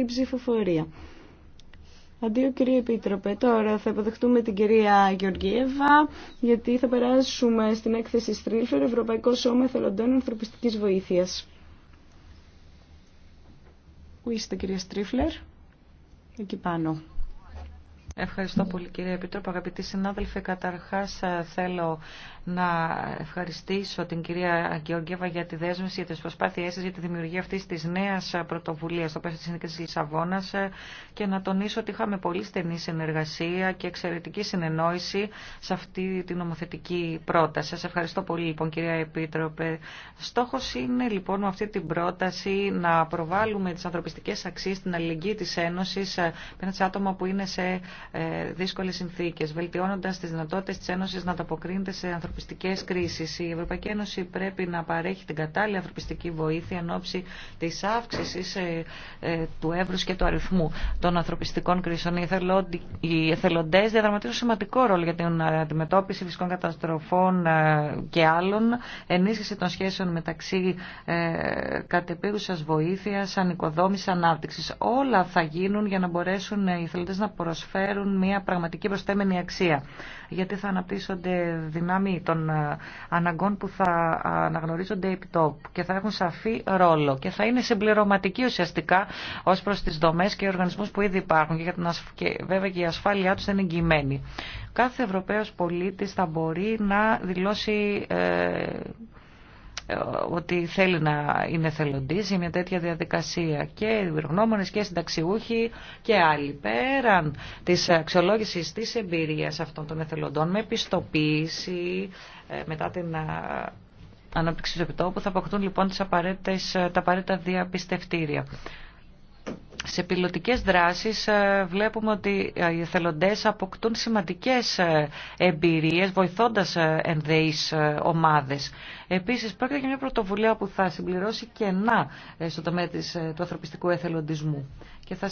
στην ψηφοφορία. Αντίο κύριε Επίτροπε, τώρα θα υποδεχτούμε την κυρία Γεωργίευα, γιατί θα περάσουμε στην έκθεση Στρίλφερ, Ευρωπαϊκό Σώμα Εθελοντών Ανθρωπιστικής Βοήθειας. Πού είστε κυρία Στρίφλερ? Εκεί πάνω. Ευχαριστώ πολύ κύριε Επίτροπο. Αγαπητοί συνάδελφοι, καταρχάς ε, θέλω να ευχαριστήσω την κυρία Γεωργίευα για τη δέσμευση, για τις προσπάθειές της, για τη δημιουργία αυτής της νέας πρωτοβουλίας στο πλαίσιο της Συνήκης της Λισαβόνας ε, και να τονίσω ότι είχαμε πολύ στενή συνεργασία και εξαιρετική συνεννόηση σε αυτή την νομοθετική πρόταση. Σας ευχαριστώ πολύ λοιπόν κυρία Επίτροπε. Στόχος είναι λοιπόν με αυτή την πρόταση να προβάλλουμε τις ανθρωπιστικές αξίες, την αλληλεγγύη της Ένωσης, σε άτομα που είναι σε ε, Δύσκολε συνθήκε, βελτιώνοντα τι δυνατότητε τη Ένωση να ανταποκρίνεται σε ανθρωπιστικέ κρίσει. Η Ευρωπαϊκή Ένωση πρέπει να παρέχει την κατάλληλη ανθρωπιστική βοήθεια εν ώψη της αύξησης ε, ε, του εύρου και του αριθμού των ανθρωπιστικών κρίσεων. Οι εθελοντές διαδραματίζουν σημαντικό ρόλο για την αντιμετώπιση φυσικών καταστροφών και άλλων, ενίσχυση των σχέσεων μεταξύ κατεπίγουσα βοήθεια, ανοικοδόμηση, ανάπτυξη. Όλα θα γίνουν για να μπορέσουν οι εθελοντές να προσφέρουν προσφέρουν μια πραγματική προστέμενη αξία. Γιατί θα αναπτύσσονται δυνάμει των ε, αναγκών που θα αναγνωρίζονται επί τόπου και θα έχουν σαφή ρόλο και θα είναι συμπληρωματικοί ουσιαστικά ω προ τι δομέ και οργανισμού που ήδη υπάρχουν και, για την βέβαια και η ασφάλειά του δεν είναι εγγυημένη. Κάθε ευρωπαίος πολίτης θα μπορεί να δηλώσει. Ε, ότι θέλει να είναι θελοντής σε μια τέτοια διαδικασία και οι και συνταξιούχοι και άλλοι πέραν της αξιολόγησης της εμπειρίας αυτών των εθελοντών με επιστοποίηση ε, μετά την ανάπτυξη του επιτόπου θα αποκτούν λοιπόν τις τα απαραίτητα διαπιστευτήρια σε πιλωτικές δράσεις ε, βλέπουμε ότι ε, οι εθελοντές αποκτούν σημαντικές ε, εμπειρίες βοηθώντας ενδεείς ομάδες. Επίσης πρόκειται για μια πρωτοβουλία που θα συμπληρώσει κενά στο τομέα του ανθρωπιστικού εθελοντισμού και θα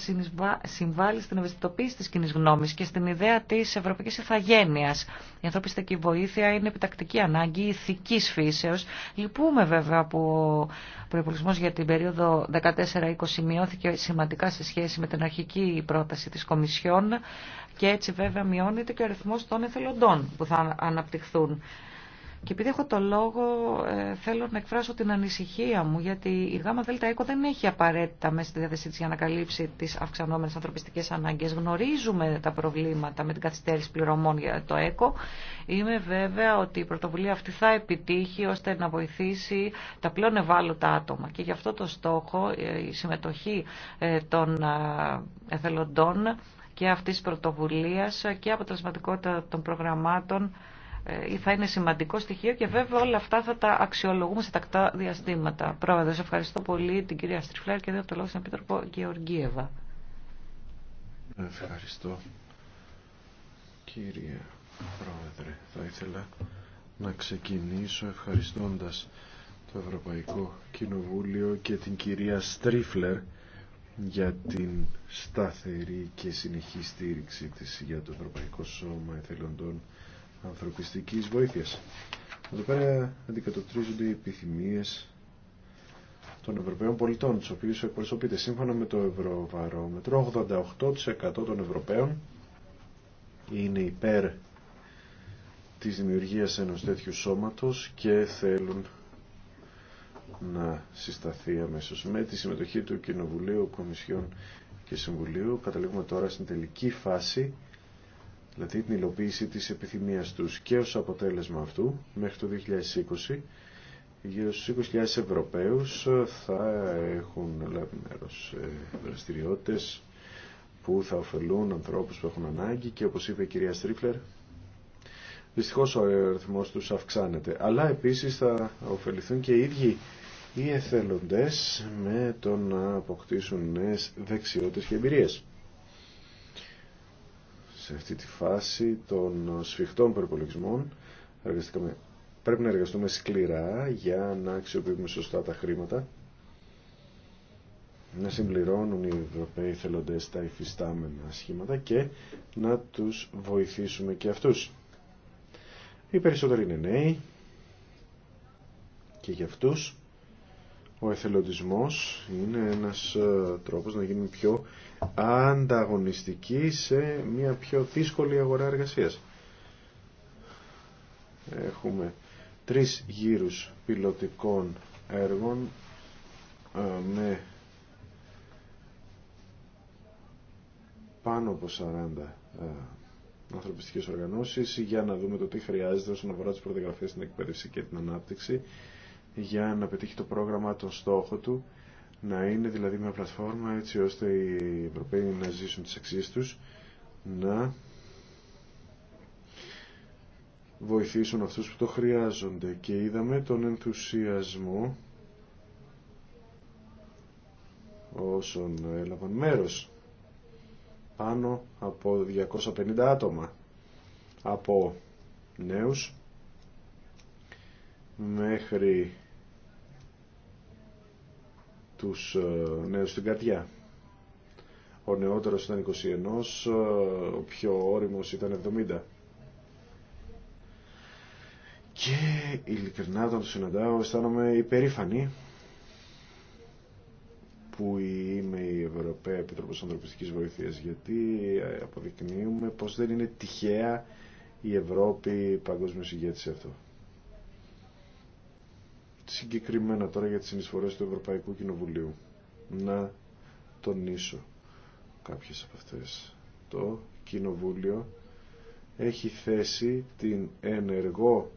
συμβάλλει στην ευαισθητοποίηση της κοινή γνώμης και στην ιδέα της ευρωπαϊκή ηθαγένειας. Η ανθρωπιστική βοήθεια είναι επιτακτική ανάγκη ηθικής φύσεως. Λυπούμε βέβαια που ο προπολογισμό για την περίοδο 14-20 μειώθηκε σημαντικά σε σχέση με την αρχική πρόταση της Κομισιόν και έτσι βέβαια μειώνεται και ο αριθμό των εθελοντών που θα αναπτυχθούν. Και επειδή έχω το λόγο, ε, θέλω να εκφράσω την ανησυχία μου, γιατί η ΓΑΜΑ ΔΕΛΤΑ δεν έχει απαραίτητα μέσα στη διάθεσή τη για να καλύψει τι αυξανόμενε ανθρωπιστικέ ανάγκε. Γνωρίζουμε τα προβλήματα με την καθυστέρηση πληρωμών για το ΕΚΟ. Είμαι βέβαια ότι η πρωτοβουλία αυτή θα επιτύχει ώστε να βοηθήσει τα πλέον ευάλωτα άτομα. Και γι' αυτό το στόχο, ε, η συμμετοχή ε, των εθελοντών και αυτής της πρωτοβουλίας και αποτελεσματικότητα των προγραμμάτων ε, θα είναι σημαντικό στοιχείο και βέβαια όλα αυτά θα τα αξιολογούμε σε τακτά διαστήματα. Πρόεδρε, ευχαριστώ πολύ την κυρία Στριφλέρ και δίνω το λόγο στον Επίτροπο Γεωργίεβα. Ευχαριστώ κύριε Πρόεδρε. Θα ήθελα να ξεκινήσω ευχαριστώντας το Ευρωπαϊκό Κοινοβούλιο και την κυρία Στρίφλερ για την σταθερή και συνεχή στήριξη της για το Ευρωπαϊκό Σώμα Εθελοντών ανθρωπιστικής βοήθειας. Εδώ πέρα αντικατοπτρίζονται οι επιθυμίες των Ευρωπαίων πολιτών, τους οποίους εκπροσωπείται σύμφωνα με το Ευρωβαρόμετρο, 88% των Ευρωπαίων είναι υπέρ της δημιουργίας ενός τέτοιου σώματος και θέλουν να συσταθεί αμέσως με τη συμμετοχή του Κοινοβουλίου, Κομισιόν και Συμβουλίου. Καταλήγουμε τώρα στην τελική φάση δηλαδή την υλοποίηση της επιθυμίας τους και ως αποτέλεσμα αυτού μέχρι το 2020 γύρω στους 20.000 Ευρωπαίους θα έχουν λάβει μέρος που θα ωφελούν ανθρώπους που έχουν ανάγκη και όπως είπε η κυρία Στρίφλερ δυστυχώς ο αριθμός τους αυξάνεται αλλά επίσης θα ωφεληθούν και οι ίδιοι οι εθελοντές με το να αποκτήσουν νέες δεξιότητες και εμπειρίες σε αυτή τη φάση των σφιχτών προπολογισμών. Πρέπει να εργαστούμε σκληρά για να αξιοποιούμε σωστά τα χρήματα, να συμπληρώνουν οι Ευρωπαίοι θελοντές τα υφιστάμενα σχήματα και να τους βοηθήσουμε και αυτούς. Οι περισσότεροι είναι νέοι και για αυτούς ο εθελοντισμός είναι ένας ε, τρόπος να γίνουν πιο ανταγωνιστική σε μια πιο δύσκολη αγορά εργασίας. Έχουμε τρεις γύρους πιλωτικών έργων ε, με πάνω από 40 ε, ανθρωπιστικές οργανώσεις για να δούμε το τι χρειάζεται όσον αφορά τις προδιαγραφές στην εκπαίδευση και την ανάπτυξη για να πετύχει το πρόγραμμα τον στόχο του να είναι δηλαδή μια πλατφόρμα έτσι ώστε οι Ευρωπαίοι να ζήσουν τις αξίες τους, να βοηθήσουν αυτούς που το χρειάζονται. Και είδαμε τον ενθουσιασμό όσων έλαβαν μέρος πάνω από 250 άτομα από νέους μέχρι τους ε, νέους στην καρδιά. Ο νεότερος ήταν 21, ε, ο πιο όριμος ήταν 70. Και ειλικρινά όταν τους συναντάω αισθάνομαι υπερήφανη που είμαι η Ευρωπαία Επιτροπής Ανθρωπιστικής Βοήθειας γιατί ε, αποδεικνύουμε πως δεν είναι τυχαία η Ευρώπη παγκόσμιος ηγέτης αυτό συγκεκριμένα τώρα για τις συνεισφορές του Ευρωπαϊκού Κοινοβουλίου. Να τονίσω κάποιες από αυτές. Το Κοινοβούλιο έχει θέσει την ενεργό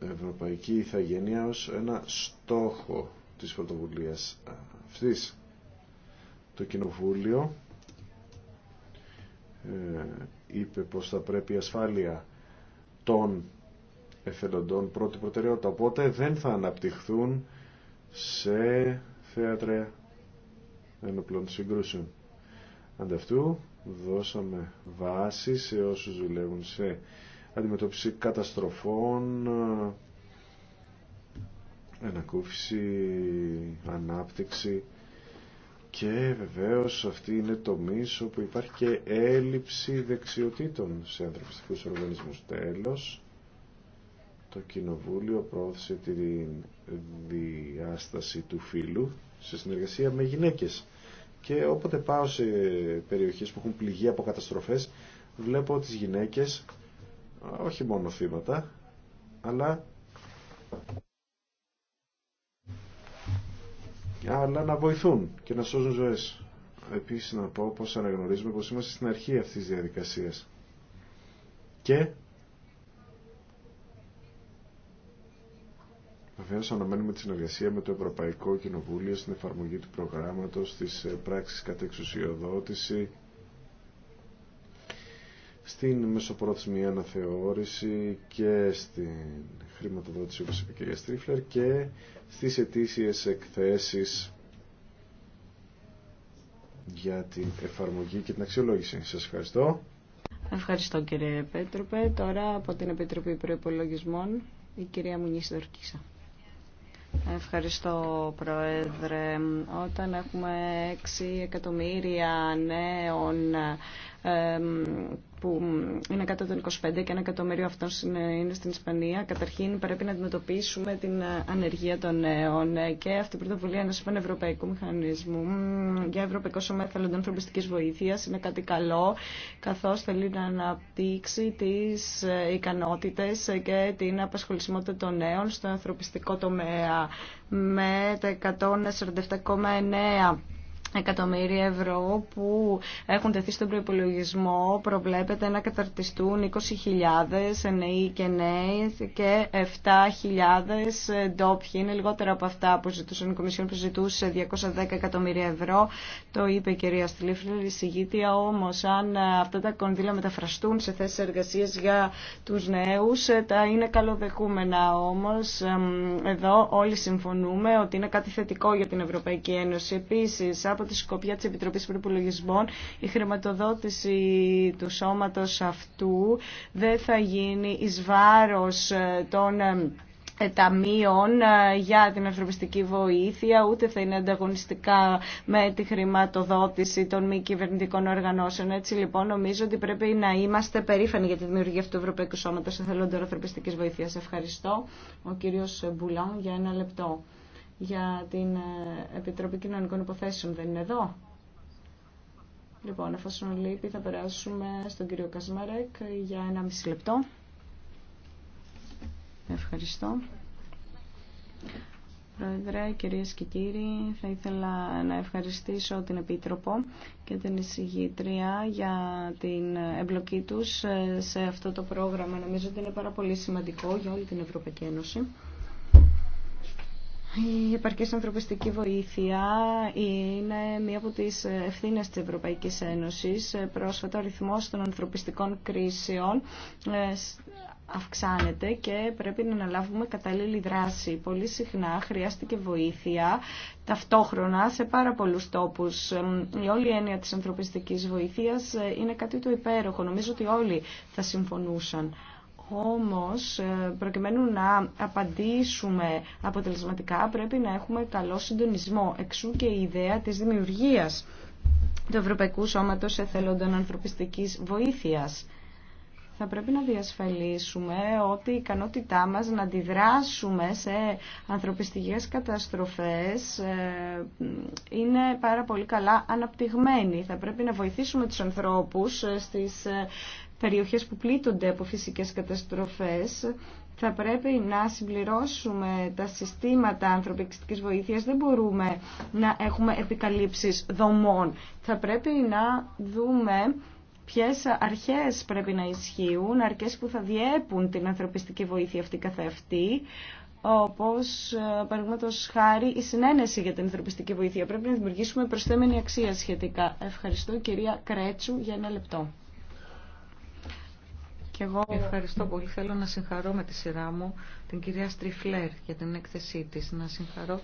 Ευρωπαϊκή Ιθαγενεία ως ένα στόχο της πρωτοβουλίας αυτής. Το Κοινοβούλιο ε, είπε πως θα πρέπει η ασφάλεια των εθελοντών πρώτη προτεραιότητα. Οπότε δεν θα αναπτυχθούν σε θέατρα ενοπλών συγκρούσεων. Ανταυτού δώσαμε βάση σε όσους δουλεύουν σε αντιμετώπιση καταστροφών, ανακούφιση, ανάπτυξη και βεβαίως αυτή είναι το μίσο που υπάρχει και έλλειψη δεξιοτήτων σε ανθρωπιστικούς οργανισμούς. Τέλος, το Κοινοβούλιο πρόθεσε τη διάσταση του φύλου σε συνεργασία με γυναίκες. Και όποτε πάω σε περιοχές που έχουν πληγεί από καταστροφές, βλέπω τις γυναίκες, όχι μόνο θύματα, αλλά αλλά να βοηθούν και να σώζουν ζωές. Επίσης να πω πως αναγνωρίζουμε πως είμαστε στην αρχή αυτής της διαδικασίας. Και βεβαίως αναμένουμε τη συνεργασία με το Ευρωπαϊκό Κοινοβούλιο στην εφαρμογή του προγράμματος, της ε, πράξης κατά εξουσιοδότηση, στην μεσοπρόθεσμη αναθεώρηση και στην χρηματοδότηση όπως είπε η κυρία Στρίφλερ και στις ετήσιες εκθέσεις για την εφαρμογή και την αξιολόγηση. Σας ευχαριστώ. Ευχαριστώ κύριε Πέτροπε. Τώρα από την Επιτροπή Προϋπολογισμών η κυρία Μουνίση Δορκίσα. Ευχαριστώ Πρόεδρε. Όταν έχουμε 6 εκατομμύρια νέων που είναι κάτω των 25 και ένα εκατομμύριο αυτών είναι στην Ισπανία, καταρχήν πρέπει να αντιμετωπίσουμε την ανεργία των νέων και αυτή η πρωτοβουλία ενό πανευρωπαϊκού μηχανισμού για ευρωπαϊκό σώμα εθελοντών ανθρωπιστική βοήθεια είναι κάτι καλό, καθώ θέλει να αναπτύξει τι ικανότητε και την απασχολησιμότητα των νέων στο ανθρωπιστικό τομέα με τα 147,9 εκατομμύρια ευρώ που έχουν τεθεί στον προϋπολογισμό προβλέπεται να καταρτιστούν 20.000 νέοι και νέοι και 7.000 ντόπιοι. Είναι λιγότερα από αυτά που ζητούσαν η Κομισιόν που ζητούσε 210 εκατομμύρια ευρώ. Το είπε η κυρία Στυλίφλερ, η όμως αν αυτά τα κονδύλια μεταφραστούν σε θέσεις εργασίας για τους νέους τα είναι καλοδεχούμενα. όμως εδώ όλοι συμφωνούμε ότι είναι κάτι θετικό για την Ευρωπαϊκή Ένωση από τη Σκοπιά της Επιτροπής Προπολογισμών η χρηματοδότηση του σώματος αυτού δεν θα γίνει εις βάρος ε, των ε, ταμείων ε, για την ανθρωπιστική βοήθεια, ούτε θα είναι ανταγωνιστικά με τη χρηματοδότηση των μη κυβερνητικών οργανώσεων. Έτσι λοιπόν νομίζω ότι πρέπει να είμαστε περήφανοι για τη δημιουργία αυτού του Ευρωπαϊκού Σώματος Εθελόντων Ανθρωπιστικής Βοήθειας. Ευχαριστώ. Ο κύριος Μπουλάν για ένα λεπτό για την ε, Επιτροπή Κοινωνικών Υποθέσεων δεν είναι εδώ. Λοιπόν, εφόσον λείπει θα περάσουμε στον κύριο Κασμαρέκ για ένα μισή λεπτό. Ευχαριστώ. Πρόεδρε, κυρίες και κύριοι, θα ήθελα να ευχαριστήσω την Επίτροπο και την εισηγήτρια για την εμπλοκή τους ε, σε αυτό το πρόγραμμα. Νομίζω ότι είναι πάρα πολύ σημαντικό για όλη την Ευρωπαϊκή Ένωση. Η επαρκή ανθρωπιστική βοήθεια είναι μία από τις ευθύνες της Ευρωπαϊκής Ένωσης. Πρόσφατα ο ρυθμός των ανθρωπιστικών κρίσεων ε, αυξάνεται και πρέπει να αναλάβουμε κατάλληλη δράση. Πολύ συχνά χρειάστηκε βοήθεια ταυτόχρονα σε πάρα πολλούς τόπους. Η όλη έννοια της ανθρωπιστικής βοήθειας ε, είναι κάτι το υπέροχο. Νομίζω ότι όλοι θα συμφωνούσαν. Όμως, ε, προκειμένου να απαντήσουμε αποτελεσματικά, πρέπει να έχουμε καλό συντονισμό. Εξού και η ιδέα της δημιουργίας του Ευρωπαϊκού Σώματος Εθελόντων Ανθρωπιστικής Βοήθειας. Θα πρέπει να διασφαλίσουμε ότι η ικανότητά μας να αντιδράσουμε σε ανθρωπιστικές καταστροφές ε, είναι πάρα πολύ καλά αναπτυγμένη. Θα πρέπει να βοηθήσουμε τους ανθρώπους ε, στις περιοχές που πλήττονται από φυσικές καταστροφές θα πρέπει να συμπληρώσουμε τα συστήματα ανθρωπιστικής βοήθειας. Δεν μπορούμε να έχουμε επικαλύψεις δομών. Θα πρέπει να δούμε ποιες αρχές πρέπει να ισχύουν, αρχές που θα διέπουν την ανθρωπιστική βοήθεια αυτή καθεαυτή, όπως ε, παραδείγματο χάρη η συνένεση για την ανθρωπιστική βοήθεια. Πρέπει να δημιουργήσουμε προσθέμενη αξία σχετικά. Ευχαριστώ κυρία Κρέτσου για ένα λεπτό εγώ ευχαριστώ πολύ. Θέλω να συγχαρώ με τη σειρά μου την κυρία Στριφλέρ για την έκθεσή της. Να συγχαρώ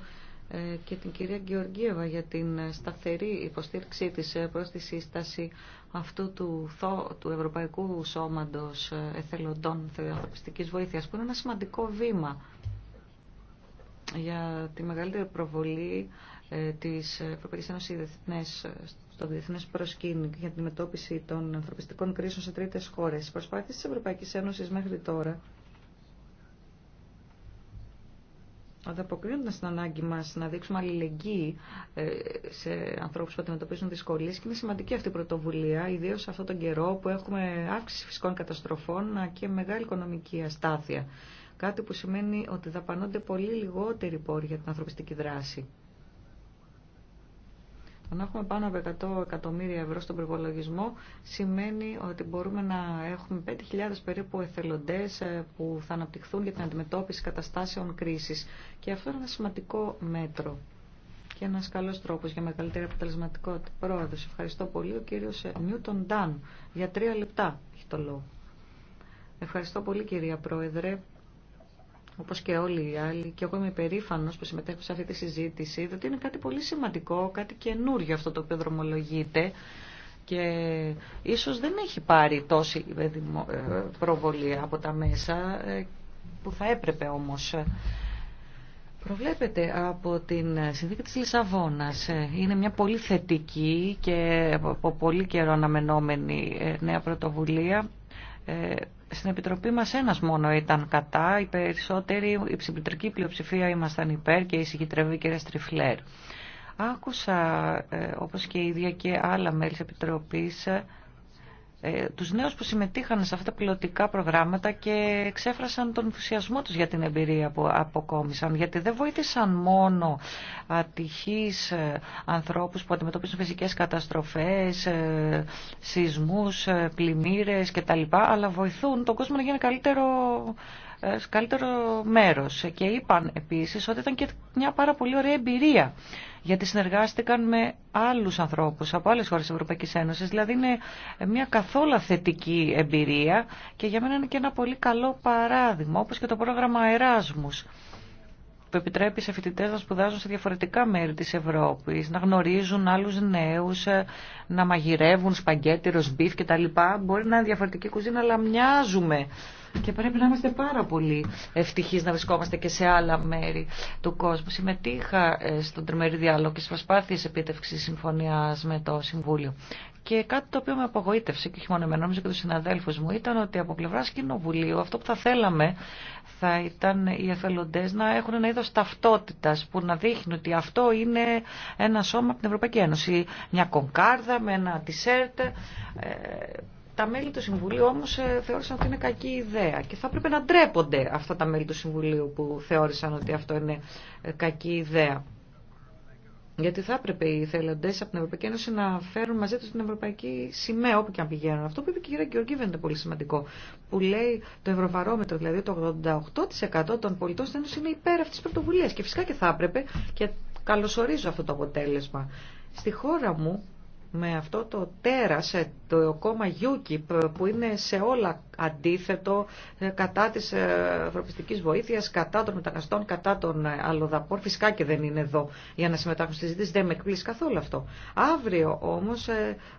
ε, και την κυρία Γεωργίευα για την ε, σταθερή υποστήριξή της ε, προς τη σύσταση αυτού του, του Ευρωπαϊκού Σώματος Εθελοντών Ανθρωπιστικής Βοήθειας, που είναι ένα σημαντικό βήμα για τη μεγαλύτερη προβολή της Ευρωπαϊκής Ένωσης στο διεθνέ προσκήνιο για την μετώπιση των ανθρωπιστικών κρίσεων σε τρίτε χώρε. Οι προσπάθειε τη Ευρωπαϊκή Ένωση μέχρι τώρα ανταποκρίνονται στην ανάγκη μα να δείξουμε αλληλεγγύη ε, σε ανθρώπου που αντιμετωπίζουν δυσκολίε και είναι σημαντική αυτή η πρωτοβουλία, ιδίω σε αυτόν τον καιρό που έχουμε αύξηση φυσικών καταστροφών και μεγάλη οικονομική αστάθεια. Κάτι που σημαίνει ότι δαπανώνται πολύ λιγότεροι πόροι για την ανθρωπιστική δράση. Το να έχουμε πάνω από 100 εκατομμύρια ευρώ στον προπολογισμό σημαίνει ότι μπορούμε να έχουμε 5.000 περίπου εθελοντέ ε, που θα αναπτυχθούν για την αντιμετώπιση καταστάσεων κρίσης. Και αυτό είναι ένα σημαντικό μέτρο και ένας καλός τρόπος για μεγαλύτερη αποτελεσματικότητα. Πρόεδρος, ευχαριστώ πολύ. Ο κύριο ε, Νιούτον Ντάν για τρία λεπτά έχει το λόγο. Ευχαριστώ πολύ κυρία Πρόεδρε. Όπω και όλοι οι άλλοι, και εγώ είμαι περήφανο που συμμετέχω σε αυτή τη συζήτηση, διότι είναι κάτι πολύ σημαντικό, κάτι καινούριο αυτό το οποίο δρομολογείται και ίσως δεν έχει πάρει τόση ε, ε, προβολή από τα μέσα ε, που θα έπρεπε όμως. Προβλέπεται από την συνθήκη της Λισαβόνας. Είναι μια πολύ θετική και από πολύ καιρό αναμενόμενη νέα πρωτοβουλία ε, στην Επιτροπή μας ένας μόνο ήταν κατά, οι περισσότεροι, η ψηφιτρική πλειοψηφία ήμασταν υπέρ και η συγκεντρεύει κυρία Στριφλέρ. Άκουσα, ε, όπως και η ίδια και άλλα μέλη της Επιτροπής, ε, τους νέους που συμμετείχαν σε αυτά τα πιλωτικά προγράμματα και εξέφρασαν τον ενθουσιασμό τους για την εμπειρία που αποκόμισαν, γιατί δεν βοήθησαν μόνο ατυχείς ε, ανθρώπους που αντιμετωπίζουν φυσικές καταστροφές, ε, σεισμούς, πλημμύρες κτλ, αλλά βοηθούν τον κόσμο να γίνει καλύτερο καλύτερο μέρος και είπαν επίσης ότι ήταν και μια πάρα πολύ ωραία εμπειρία γιατί συνεργάστηκαν με άλλους ανθρώπους από άλλες χώρες της Ευρωπαϊκής Ένωσης. Δηλαδή είναι μια καθόλου θετική εμπειρία και για μένα είναι και ένα πολύ καλό παράδειγμα, όπως και το πρόγραμμα Εράσμους που επιτρέπει σε φοιτητέ να σπουδάζουν σε διαφορετικά μέρη τη Ευρώπη, να γνωρίζουν άλλου νέου, ε, να μαγειρεύουν σπαγκέτι, ροσμπίφ κτλ. Μπορεί να είναι διαφορετική κουζίνα, αλλά μοιάζουμε. Και πρέπει να είμαστε πάρα πολύ ευτυχεί να βρισκόμαστε και σε άλλα μέρη του κόσμου. Συμμετείχα ε, στον τριμερή διάλογο και στι προσπάθειε επίτευξη συμφωνίας με το Συμβούλιο. Και κάτι το οποίο με απογοήτευσε και όχι μόνο και του συναδέλφου μου, ήταν ότι από πλευρά Κοινοβουλίου αυτό που θα θέλαμε θα ήταν οι εθελοντές να έχουν ένα είδος ταυτότητας που να δείχνει ότι αυτό είναι ένα σώμα από την Ευρωπαϊκή Ένωση. Μια κονκάρδα με ένα τισέρτ. Ε, τα μέλη του Συμβουλίου όμως ε, θεώρησαν ότι είναι κακή ιδέα και θα πρέπει να ντρέπονται αυτά τα μέλη του Συμβουλίου που θεώρησαν ότι αυτό είναι ε, κακή ιδέα. Γιατί θα έπρεπε οι θελοντέ από την Ευρωπαϊκή Ένωση να φέρουν μαζί του την Ευρωπαϊκή σημαία όπου και αν πηγαίνουν. Αυτό που είπε και η κυρία Γεωργίου είναι πολύ σημαντικό. Που λέει το Ευρωβαρόμετρο, δηλαδή το 88% των πολιτών στην Ένωση είναι υπέρ αυτή τη πρωτοβουλία. Και φυσικά και θα έπρεπε και καλωσορίζω αυτό το αποτέλεσμα. Στη χώρα μου με αυτό το τέρας, ε, το κόμμα UKIP ε, που είναι σε όλα αντίθετο ε, κατά της ευρωπιστικής βοήθειας, κατά των μεταναστών, κατά των αλλοδαπών. Φυσικά και δεν είναι εδώ για να συμμετάχουν στις συζήτηση, δεν με εκπλήσει καθόλου αυτό. Αύριο όμως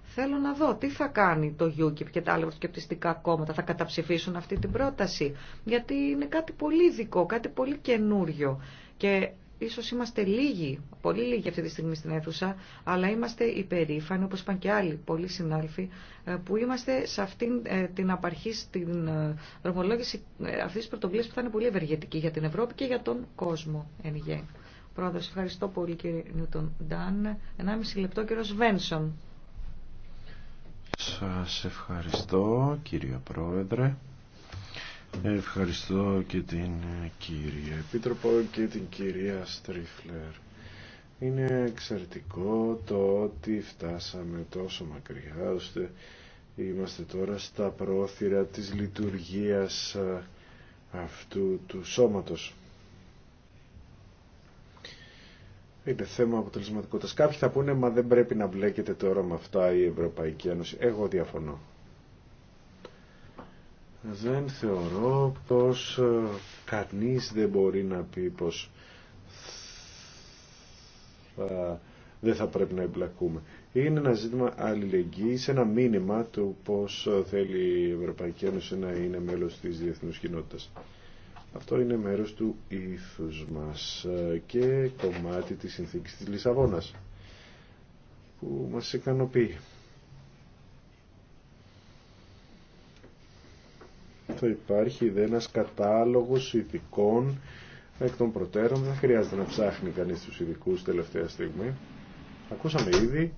θέλω να δω τι θα κάνει το UKIP και τα άλλα ευρωσκεπτιστικά κόμματα, θα καταψηφίσουν αυτή την πρόταση, γιατί είναι κάτι πολύ ειδικό, κάτι πολύ καινούριο. Και Ίσως είμαστε λίγοι, πολύ λίγοι αυτή τη στιγμή στην αίθουσα, αλλά είμαστε υπερήφανοι, όπως είπαν και άλλοι πολλοί συνάλφοι, ε, που είμαστε σε αυτήν ε, την απαρχή, στην ε, δρομολόγηση αυτής της πρωτοβουλίας που θα είναι πολύ ευεργετική για την Ευρώπη και για τον κόσμο εν Πρόεδρος, ευχαριστώ πολύ κύριε Νιούτον Ντάν. 1,5 λεπτό κύριο Βένσον. Σας ευχαριστώ κύριε Πρόεδρε. Ευχαριστώ και την κυρία Επίτροπο και την κυρία Στρίφλερ. Είναι εξαιρετικό το ότι φτάσαμε τόσο μακριά ώστε είμαστε τώρα στα πρόθυρα της λειτουργίας ε, αυτού του σώματος. Είναι θέμα αποτελεσματικότητας. Κάποιοι θα πούνε, μα δεν πρέπει να μπλέκεται τώρα με αυτά η Ευρωπαϊκή Ένωση. Εγώ διαφωνώ δεν θεωρώ πως ε, κανείς δεν μπορεί να πει πως δεν θα πρέπει να εμπλακούμε. Είναι ένα ζήτημα αλληλεγγύης, ένα μήνυμα του πως ε, θέλει η Ευρωπαϊκή Ένωση να είναι μέλος της διεθνούς κοινότητας. Αυτό είναι μέρος του ήθους μας ε, και κομμάτι της συνθήκης της Λισαβόνας που μας ικανοποιεί. θα υπάρχει ένα κατάλογο ειδικών εκ των προτέρων. Δεν χρειάζεται να ψάχνει κανείς του ειδικού τελευταία στιγμή. Ακούσαμε ήδη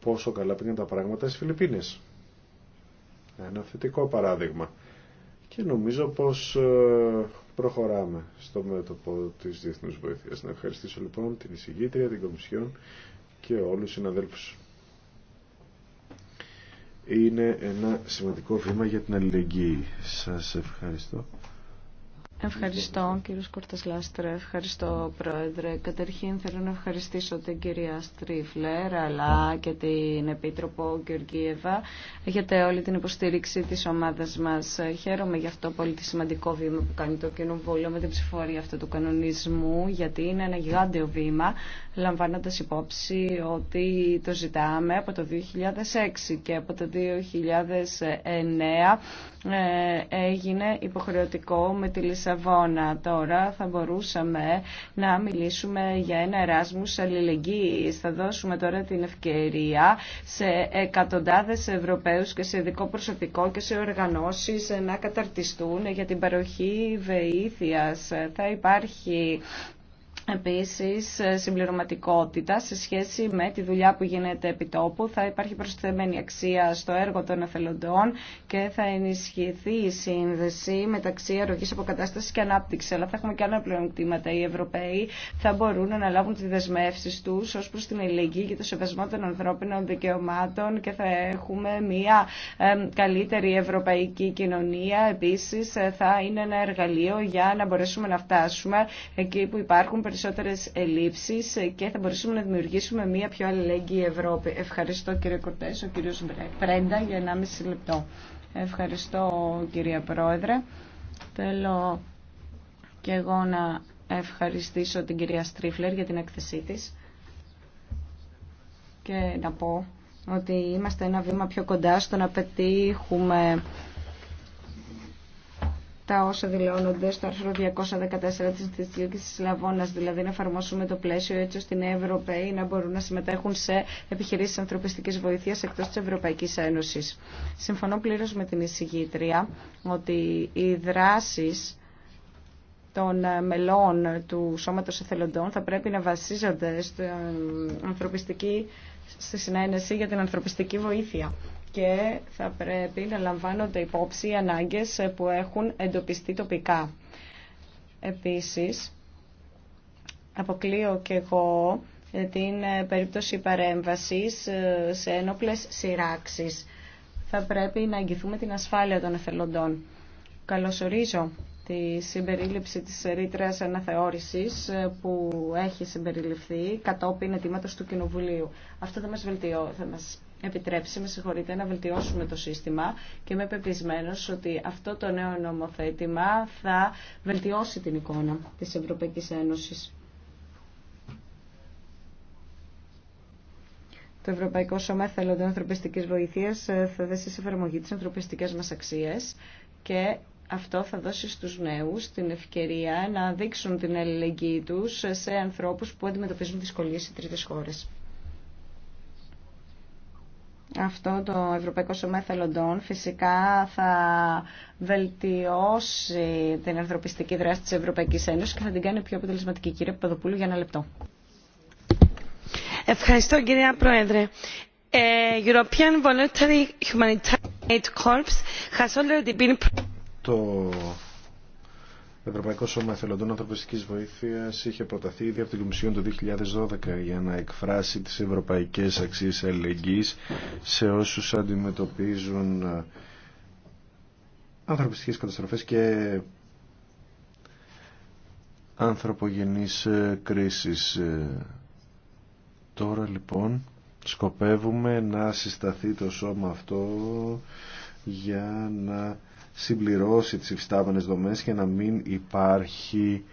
πόσο καλά πήγαν τα πράγματα στις Φιλιππίνες. Ένα θετικό παράδειγμα. Και νομίζω πως ε, προχωράμε στο μέτωπο της διεθνούς βοήθειας. Να ευχαριστήσω λοιπόν την εισηγήτρια, την Κομισιόν και όλους του συναδέλφους είναι ένα σημαντικό βήμα για την αλληλεγγύη. Σας ευχαριστώ. Ευχαριστώ κύριο Κορτας ευχαριστώ πρόεδρε. Καταρχήν θέλω να ευχαριστήσω την κυρία Στρίφλερ αλλά και την Επίτροπο Γεωργίευα για όλη την υποστήριξη της ομάδας μας. Χαίρομαι για αυτό πολύ σημαντικό βήμα που κάνει το Κοινοβούλιο με την ψηφορία αυτού του κανονισμού γιατί είναι ένα γιγάντιο βήμα λαμβάνοντας υπόψη ότι το ζητάμε από το 2006 και από το 2009 ε, έγινε υποχρεωτικό με τη Λισαβόνα. Τώρα θα μπορούσαμε να μιλήσουμε για ένα Εράσμους αλληλεγγύης. Θα δώσουμε τώρα την ευκαιρία σε εκατοντάδες Ευρωπαίους και σε ειδικό προσωπικό και σε οργανώσεις να καταρτιστούν για την παροχή βοήθειας. Θα υπάρχει Επίσης, συμπληρωματικότητα σε σχέση με τη δουλειά που γίνεται επί τόπου. Θα υπάρχει προσθεμένη αξία στο έργο των εθελοντών και θα ενισχυθεί η σύνδεση μεταξύ αρρωγής αποκατάστασης και ανάπτυξη. Αλλά θα έχουμε και άλλα πλεονεκτήματα. Οι Ευρωπαίοι θα μπορούν να αναλάβουν τις δεσμεύσεις τους ως προς την ελληνική και το σεβασμό των ανθρώπινων δικαιωμάτων και θα έχουμε μια καλύτερη ευρωπαϊκή κοινωνία. Επίσης, ε, θα είναι ένα εργαλείο για να μπορέσουμε να φτάσουμε εκεί που υπάρχουν περισσότερε ελλείψεις και θα μπορέσουμε να δημιουργήσουμε μια πιο αλληλέγγυη Ευρώπη. Ευχαριστώ κύριε Κορτές, ο κύριος Πρέντα για 1,5 λεπτό. Ευχαριστώ κυρία Πρόεδρε. Θέλω και εγώ να ευχαριστήσω την κυρία Στρίφλερ για την έκθεσή της και να πω ότι είμαστε ένα βήμα πιο κοντά στο να πετύχουμε τα όσα δηλώνονται στο άρθρο 214 της Δυτικής της Λαβώνας, δηλαδή να εφαρμόσουμε το πλαίσιο έτσι ώστε οι Ευρωπαίοι να μπορούν να συμμετέχουν σε επιχειρήσεις ανθρωπιστικής βοήθειας εκτός της Ευρωπαϊκής Ένωσης. Συμφωνώ πλήρως με την εισηγήτρια ότι οι δράσεις των μελών του Σώματος Εθελοντών θα πρέπει να βασίζονται στην ανθρωπιστική, στη συνένεση για την ανθρωπιστική βοήθεια και θα πρέπει να λαμβάνονται υπόψη οι ανάγκες που έχουν εντοπιστεί τοπικά. Επίσης, αποκλείω και εγώ την περίπτωση παρέμβασης ε, σε ένοπλες σειράξεις. Θα πρέπει να εγγυθούμε την ασφάλεια των εθελοντών. Καλωσορίζω τη συμπερίληψη της ρήτρας αναθεώρησης ε, που έχει συμπεριληφθεί κατόπιν αιτήματος του Κοινοβουλίου. Αυτό θα μας βελτιώσει, θα επιτρέψει, με συγχωρείτε, να βελτιώσουμε το σύστημα και είμαι πεπισμένο ότι αυτό το νέο νομοθέτημα θα βελτιώσει την εικόνα της Ευρωπαϊκής Ένωσης. Το Ευρωπαϊκό Σώμα Εθελοντών Ανθρωπιστικής Βοηθείας ε, θα δέσει σε εφαρμογή τις ανθρωπιστικές μας αξίες και αυτό θα δώσει στους νέους την ευκαιρία να δείξουν την αλληλεγγύη τους σε ανθρώπους που αντιμετωπίζουν δυσκολίες σε τρίτες χώρες. Αυτό το Ευρωπαϊκό Σώμα Θελοντών φυσικά θα βελτιώσει την ανθρωπιστική δράση της Ευρωπαϊκής Ένωσης και θα την κάνει πιο αποτελεσματική. Κύριε Παπαδοπούλου, για ένα λεπτό. Ευχαριστώ κυρία Πρόεδρε. Ε, European Voluntary Humanitarian Aid Corps has already been... Το το Ευρωπαϊκό Σώμα Εθελοντών Ανθρωπιστική Βοήθεια είχε προταθεί ήδη από την Κομισιόν το 2012 για να εκφράσει τι ευρωπαϊκέ αξίε αλληλεγγύη σε όσου αντιμετωπίζουν ε, ανθρωπιστικές καταστροφές και ανθρωπογενείς ε, κρίσεις. Ε, τώρα λοιπόν σκοπεύουμε να συσταθεί το σώμα αυτό για να συμπληρώσει τις υφιστάμενες δομές και να μην υπάρχει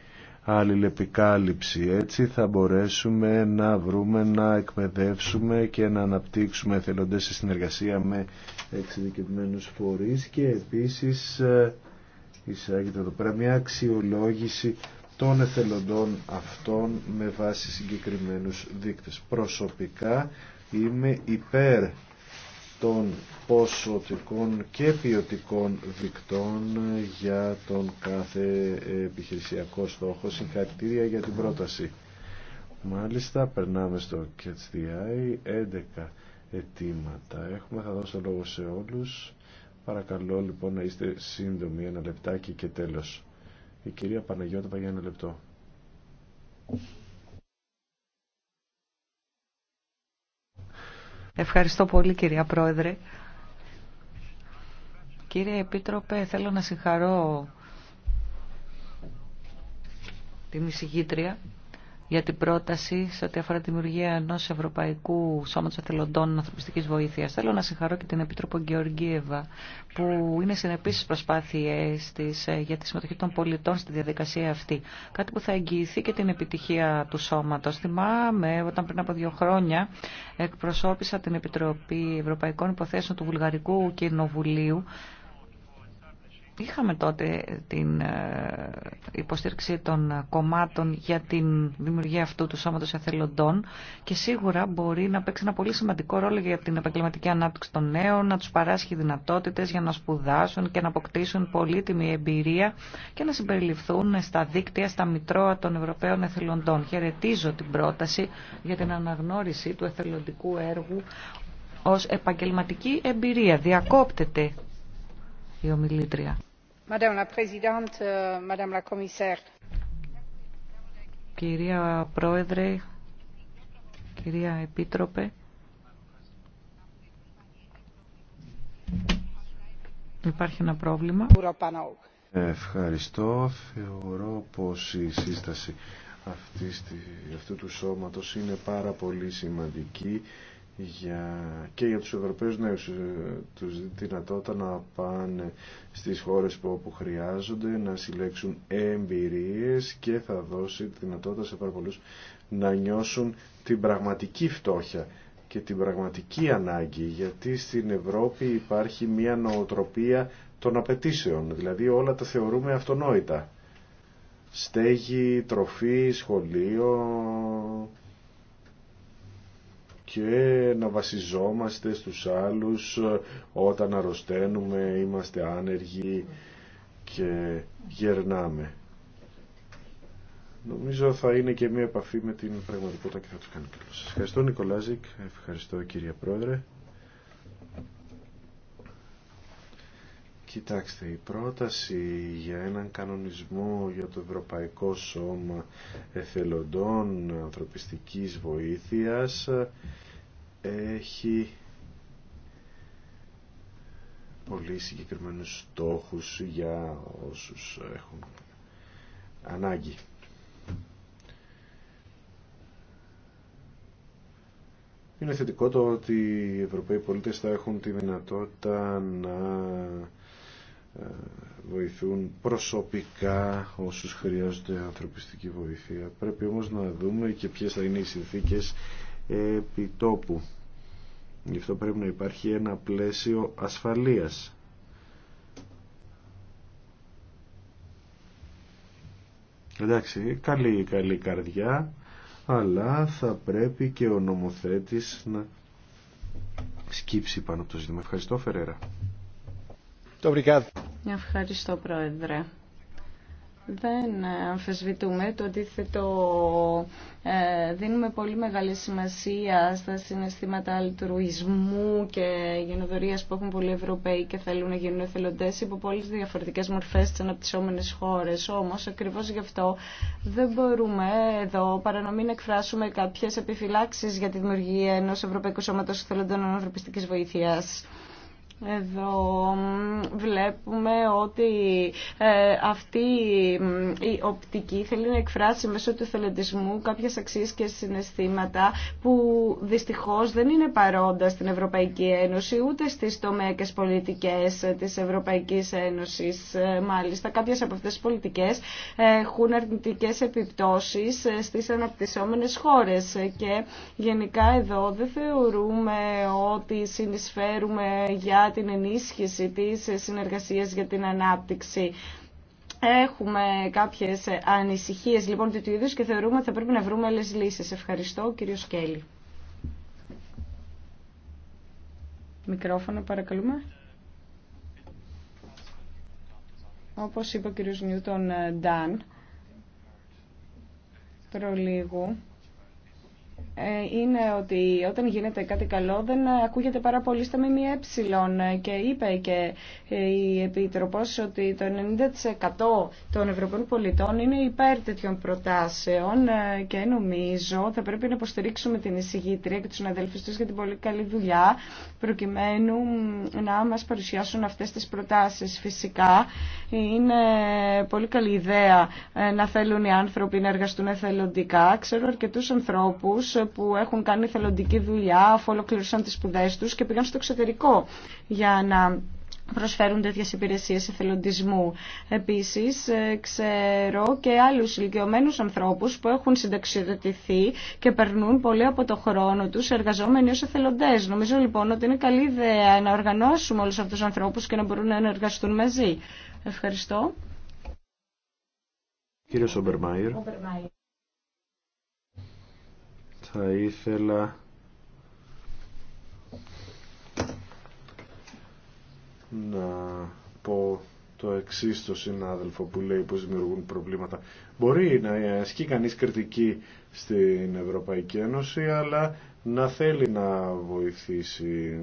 αλληλεπικάλυψη. Έτσι θα μπορέσουμε να βρούμε, να εκπαιδεύσουμε και να αναπτύξουμε εθελοντές σε συνεργασία με εξειδικευμένους φορείς και επίσης ε, εισάγεται εδώ πέρα μια αξιολόγηση των εθελοντών αυτών με βάση συγκεκριμένους δείκτες. Προσωπικά είμαι υπέρ των ποσοτικών και ποιοτικών δικτών για τον κάθε επιχειρησιακό στόχο. Συγχαρητήρια για την πρόταση. Μάλιστα, περνάμε στο KTI. 11 ετήματα έχουμε. Θα δώσω λόγο σε όλους. Παρακαλώ λοιπόν να είστε σύντομοι. Ένα λεπτάκι και τέλος. Η κυρία Παναγιώτα για ένα λεπτό. Ευχαριστώ πολύ κυρία Πρόεδρε. Κύριε Επίτροπε, θέλω να συγχαρώ την εισηγήτρια για την πρόταση σε ό,τι αφορά τη δημιουργία ενό Ευρωπαϊκού Σώματο Εθελοντών Ανθρωπιστική Βοήθεια. Θέλω να συγχαρώ και την Επίτροπο Γεωργίευα, που είναι συνεπεί στι προσπάθειέ τη ε, για τη συμμετοχή των πολιτών στη διαδικασία αυτή. Κάτι που θα εγγυηθεί και την επιτυχία του σώματο. Θυμάμαι όταν πριν από δύο χρόνια εκπροσώπησα την Επιτροπή Ευρωπαϊκών Υποθέσεων του Βουλγαρικού Κοινοβουλίου Είχαμε τότε την ε, υποστήριξη των κομμάτων για την δημιουργία αυτού του σώματος εθελοντών και σίγουρα μπορεί να παίξει ένα πολύ σημαντικό ρόλο για την επαγγελματική ανάπτυξη των νέων, να τους παράσχει δυνατότητες για να σπουδάσουν και να αποκτήσουν πολύτιμη εμπειρία και να συμπεριληφθούν στα δίκτυα, στα μητρώα των Ευρωπαίων εθελοντών. Χαιρετίζω την πρόταση για την αναγνώριση του εθελοντικού έργου ως επαγγελματική εμπειρία. Διακόπτεται Κυρία Πρόεδρε, κυρία Επίτροπε, υπάρχει ένα πρόβλημα. Ευχαριστώ. Θεωρώ πως η σύσταση αυτού του σώματος είναι πάρα πολύ σημαντική για, και για τους Ευρωπαίους νέους ε, τους δυνατότητα να πάνε στις χώρες που όπου χρειάζονται να συλλέξουν εμπειρίες και θα δώσει τη δυνατότητα σε πάρα πολλούς να νιώσουν την πραγματική φτώχεια και την πραγματική ανάγκη γιατί στην Ευρώπη υπάρχει μια νοοτροπία των απαιτήσεων δηλαδή όλα τα θεωρούμε αυτονόητα στέγη, τροφή, σχολείο και να βασιζόμαστε στους άλλους όταν αρρωσταίνουμε, είμαστε άνεργοι και γερνάμε. Νομίζω θα είναι και μια επαφή με την πραγματικότητα και θα το κάνει καλό. ευχαριστώ Νικολάζικ, ευχαριστώ κυρία Πρόεδρε. Κοιτάξτε, η πρόταση για έναν κανονισμό για το Ευρωπαϊκό Σώμα Εθελοντών Ανθρωπιστικής Βοήθειας έχει πολύ συγκεκριμένους στόχους για όσους έχουν ανάγκη. Είναι θετικό το ότι οι Ευρωπαίοι πολίτες θα έχουν τη δυνατότητα να ε, βοηθούν προσωπικά όσους χρειάζονται ανθρωπιστική βοήθεια. Πρέπει όμως να δούμε και ποιες θα είναι οι συνθήκες τόπου. Γι' αυτό πρέπει να υπάρχει ένα πλαίσιο ασφαλείας. Εντάξει, καλή καλή καρδιά, αλλά θα πρέπει και ο νομοθέτης να σκύψει πάνω από το ζήτημα. Ευχαριστώ, Φερέρα. Το Ευχαριστώ, Πρόεδρε. Δεν αμφισβητούμε το αντίθετο. Ε, δίνουμε πολύ μεγάλη σημασία στα συναισθήματα αλτρουισμού και γενοδορίας που έχουν πολλοί Ευρωπαίοι και θέλουν να γίνουν εθελοντές υπό πολλέ διαφορετικές μορφές στις αναπτυσσόμενες χώρες. Όμως, ακριβώς γι' αυτό δεν μπορούμε εδώ παρά να μην εκφράσουμε κάποιες επιφυλάξεις για τη δημιουργία ενός Ευρωπαϊκού Σώματος Εθελοντών Ανθρωπιστικής Βοήθειας. Εδώ βλέπουμε ότι ε, αυτή η οπτική θέλει να εκφράσει μέσω του θελετισμού κάποιες αξίες και συναισθήματα που δυστυχώς δεν είναι παρόντα στην Ευρωπαϊκή Ένωση ούτε στις τομέακες πολιτικές της Ευρωπαϊκής Ένωσης. Ε, μάλιστα κάποιες από αυτές τις πολιτικές έχουν αρνητικές επιπτώσεις στις αναπτυσσόμενες χώρες και γενικά εδώ δεν θεωρούμε ότι συνεισφέρουμε για την ενίσχυση της συνεργασίας για την ανάπτυξη. Έχουμε κάποιες ανησυχίες λοιπόν του είδους και θεωρούμε ότι θα πρέπει να βρούμε άλλες λύσεις. Ευχαριστώ κύριο Σκέλη. Μικρόφωνο παρακαλούμε. Όπως είπε ο κύριος Νιούτον ε, Ντάν, προλίγου ε, είναι ότι όταν γίνεται κάτι καλό δεν ακούγεται πάρα πολύ στα ΜΜΕ και είπε και ε, η Επίτροπος ότι το 90% των Ευρωπαίων πολιτών είναι υπέρ τέτοιων προτάσεων ε, και νομίζω θα πρέπει να υποστηρίξουμε την εισηγήτρια και τους συναδέλφους τους για την πολύ καλή δουλειά προκειμένου να μας παρουσιάσουν αυτές τις προτάσεις. Φυσικά είναι πολύ καλή ιδέα να θέλουν οι άνθρωποι να εργαστούν εθελοντικά. Ξέρω αρκετούς ανθρώπους που έχουν κάνει θελοντική δουλειά, αφού ολοκληρώσαν τις σπουδές τους και πήγαν στο εξωτερικό για να προσφέρουν τέτοιε υπηρεσίες εθελοντισμού. Επίσης, ε, ξέρω και άλλους ηλικιωμένου ανθρώπους που έχουν συνταξιοδοτηθεί και περνούν πολύ από το χρόνο τους εργαζόμενοι ως εθελοντές. Νομίζω λοιπόν ότι είναι καλή ιδέα να οργανώσουμε όλους αυτούς τους ανθρώπους και να μπορούν να εργαστούν μαζί. Ευχαριστώ. Κύριε Σόμπερμαϊρ θα ήθελα να πω το εξή στο συνάδελφο που λέει πως δημιουργούν προβλήματα. Μπορεί να ασκεί κανείς κριτική στην Ευρωπαϊκή Ένωση, αλλά να θέλει να βοηθήσει.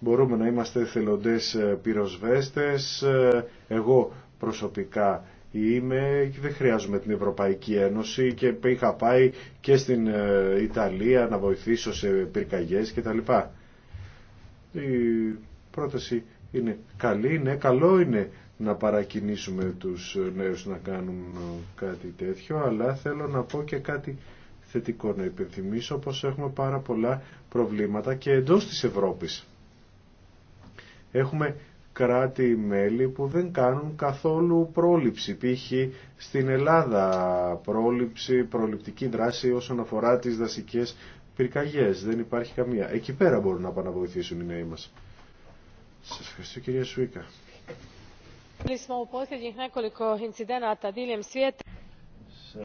Μπορούμε να είμαστε θελοντές πυροσβέστες. Εγώ προσωπικά Είμαι, και δεν χρειάζομαι την Ευρωπαϊκή Ένωση και είχα πάει και στην ε, Ιταλία να βοηθήσω σε πυρκαγιές κτλ. Η πρόταση είναι καλή, ναι, καλό είναι να παρακινήσουμε τους νέους να κάνουν κάτι τέτοιο, αλλά θέλω να πω και κάτι θετικό να υπενθυμίσω πως έχουμε πάρα πολλά προβλήματα και εντός της Ευρώπης. Έχουμε κράτη-μέλη που δεν κάνουν καθόλου πρόληψη. Π.χ. στην Ελλάδα πρόληψη, προληπτική δράση όσον αφορά τις δασικές πυρκαγιές. Δεν υπάρχει καμία. Εκεί πέρα μπορούν να πάνε οι νέοι μας. Σας ευχαριστώ κυρία Σουίκα.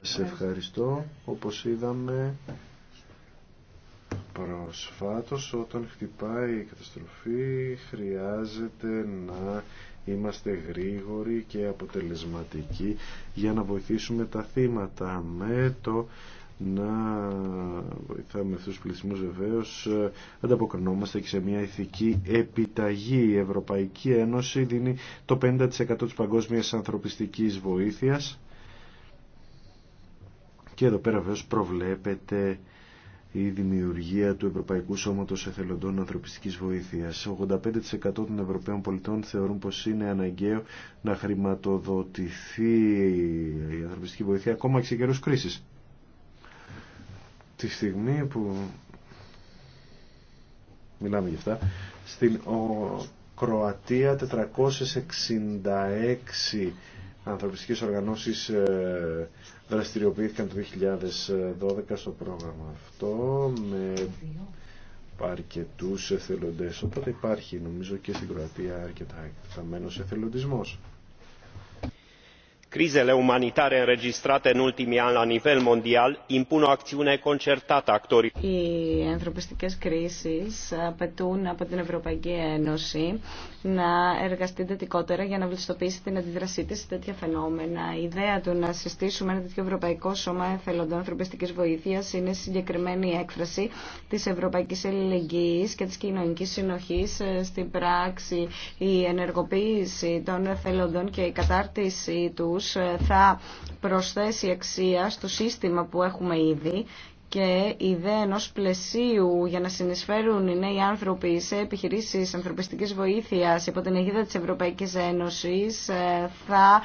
Σας ευχαριστώ. Όπως είδαμε προσφάτως όταν χτυπάει η καταστροφή χρειάζεται να είμαστε γρήγοροι και αποτελεσματικοί για να βοηθήσουμε τα θύματα με το να βοηθάμε αυτούς τους πληθυσμούς βεβαίως ανταποκρινόμαστε και σε μια ηθική επιταγή η Ευρωπαϊκή Ένωση δίνει το 50% της παγκόσμιας ανθρωπιστικής βοήθειας και εδώ πέρα βεβαίως προβλέπεται η δημιουργία του Ευρωπαϊκού Σώματος Εθελοντών Ανθρωπιστικής Βοήθειας. 85% των Ευρωπαίων πολιτών θεωρούν πως είναι αναγκαίο να χρηματοδοτηθεί η ανθρωπιστική βοήθεια ακόμα και σε καιρούς κρίσης. Τη στιγμή που μιλάμε γι' αυτά, στην Κροατία 466 ανθρωπιστικές οργανώσεις ε, δραστηριοποιήθηκαν το 2012 στο πρόγραμμα αυτό με αρκετούς εθελοντές. Οπότε υπάρχει νομίζω και στην Κροατία αρκετά εκτεταμένος εθελοντισμός crizele umanitare înregistrate în ultimii ani la nivel mondial impun o Οι ανθρωπιστικές κρίσεις απαιτούν από την Ευρωπαϊκή Ένωση να εργαστεί εντατικότερα για να βελτιστοποιήσει την αντίδρασή της σε τέτοια φαινόμενα. Η ιδέα του να συστήσουμε ένα τέτοιο Ευρωπαϊκό Σώμα Εθελοντών ανθρωπιστική βοήθεια είναι συγκεκριμένη έκφραση τη Ευρωπαϊκή Ελληνικής και τη κοινωνική συνοχή στην πράξη. Η ενεργοποίηση των εθελοντών και η κατάρτιση του. Ε, θα προσθέσει αξία στο σύστημα που έχουμε ήδη και η ιδέα ενό πλαισίου για να συνεισφέρουν οι νέοι άνθρωποι σε επιχειρήσεις ανθρωπιστικής βοήθειας υπό την αιγίδα της Ευρωπαϊκής Ένωσης ε, θα